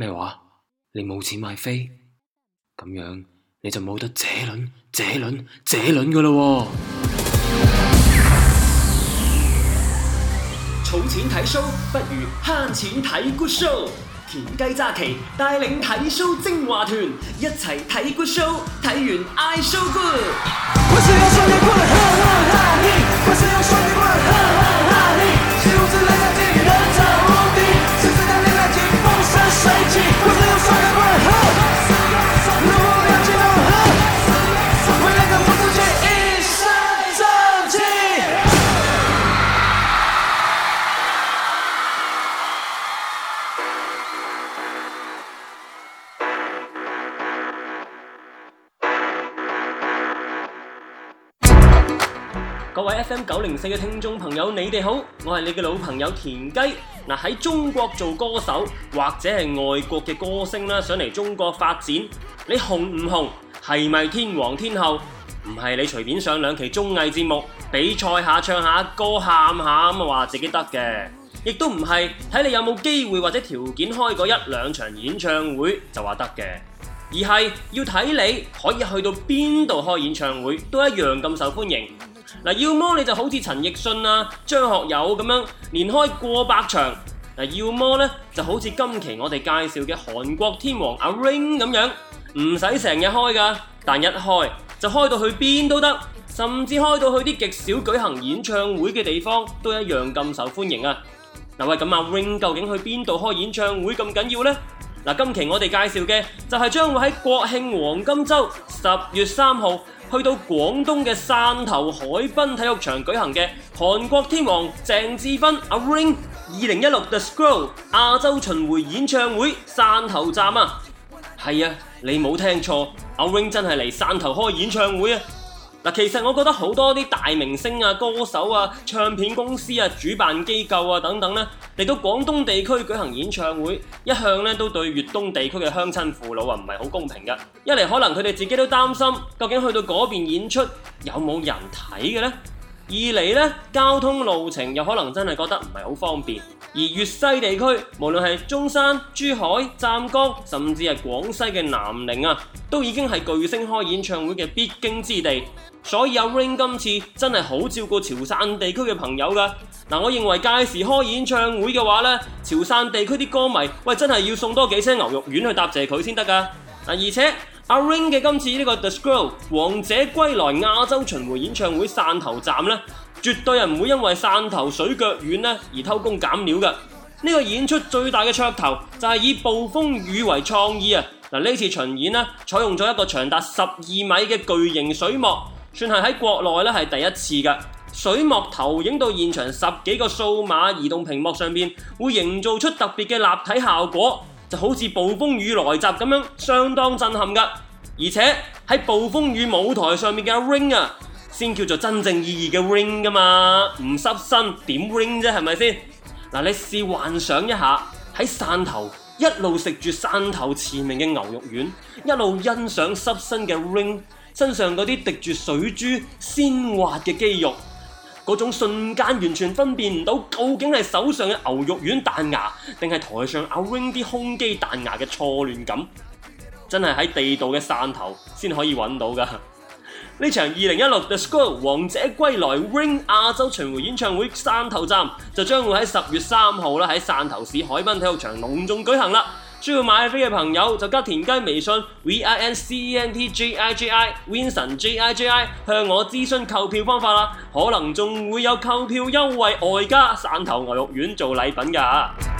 咩話？你冇錢買飛，咁樣你就冇得這輪、這輪、這輪噶啦！㖏，儲錢睇 show 不如慳錢睇 good show。田雞揸旗帶領睇 show 精華團，一齊睇 good show，睇完嗌 show good。我需要 show good，我需要 show 各位 FM 九零四嘅聽眾朋友，你哋好，我係你嘅老朋友田雞。嗱、啊、喺中國做歌手或者係外國嘅歌星啦，上嚟中國發展，你紅唔紅係咪天王天后？唔係你隨便上兩期綜藝節目比賽下唱下歌喊下咁話自己得嘅，亦都唔係睇你有冇機會或者條件開過一兩場演唱會就話得嘅，而係要睇你可以去到邊度開演唱會都一樣咁受歡迎。嗱，要麼你就好似陳奕迅、張學友，咁樣，連開過百場。嗱，要麼咧就好似今期我哋介紹嘅韓國天王，阿 Rain，咁樣，唔使成日開㗎，但一開，就開到去邊都得，甚至開到去啲極少舉行演唱會嘅地方，都一樣咁受歡迎啊。嗱，喂，噉阿 Rain 究竟去邊度開演唱會咁緊要呢？今期我哋介紹嘅就係將會喺國慶黃金週十月三號去到廣東嘅汕頭海濱體育場舉行嘅韓國天王鄭智薰、阿 Rain 二零一六 The Scroll 亞洲巡迴演唱會汕頭站啊！係啊，你冇聽錯，阿 Rain 真係嚟汕頭開演唱會啊！嗱，其實我覺得好多啲大明星啊、歌手啊、唱片公司啊、主辦機構啊等等呢，嚟到廣東地區舉行演唱會，一向呢都對粵東地區嘅鄉親父老啊唔係好公平嘅。一嚟可能佢哋自己都擔心，究竟去到嗰邊演出有冇人睇嘅呢？二嚟呢，交通路程又可能真係覺得唔係好方便。而粵西地區，無論係中山、珠海、湛江，甚至係廣西嘅南寧啊，都已經係巨星開演唱會嘅必經之地。所以有、啊、Rain 今次真係好照顧潮汕地區嘅朋友㗎。嗱、啊，我認為屆時開演唱會嘅話呢，潮汕地區啲歌迷喂真係要送多幾箱牛肉丸去答謝佢先得㗎。嗱、啊，而且。阿 Rain 嘅今次呢個 The Scroll 王者歸來亞洲巡迴演唱會汕頭站咧，絕對係唔會因為汕頭水腳遠咧而偷工減料嘅。呢、這個演出最大嘅噱頭就係、是、以暴風雨為創意啊！嗱，呢次巡演呢，採用咗一個長達十二米嘅巨型水幕，算係喺國內咧係第一次嘅。水幕投影到現場十幾個數碼移動屏幕上面，會營造出特別嘅立體效果。就好似暴風雨來襲咁樣，相當震撼噶。而且喺暴風雨舞台上面嘅 Rain 啊，先叫做真正意義嘅 Rain 噶嘛，唔濕身點 Rain 啫？係咪先？嗱，你試幻想一下喺汕頭一路食住汕頭馳名嘅牛肉丸，一路欣賞濕身嘅 Rain 身上嗰啲滴住水珠鮮滑嘅肌肉。嗰種瞬間完全分辨唔到，究竟係手上嘅牛肉丸彈牙，定係台上阿 Rain 啲胸肌彈牙嘅錯亂感，真係喺地道嘅汕頭先可以揾到噶。呢 場二零一六 The Score 王者歸來 Rain 亞洲巡迴演唱會汕頭站就將會喺十月三號啦，喺汕頭市海濱體育場隆重舉行啦。需要買飛嘅朋友就加田雞微信 v i n c e n t j i j i vincent j i j i 向我諮詢購票方法啦，可能仲會有購票優惠，外加汕頭牛肉丸做禮品㗎。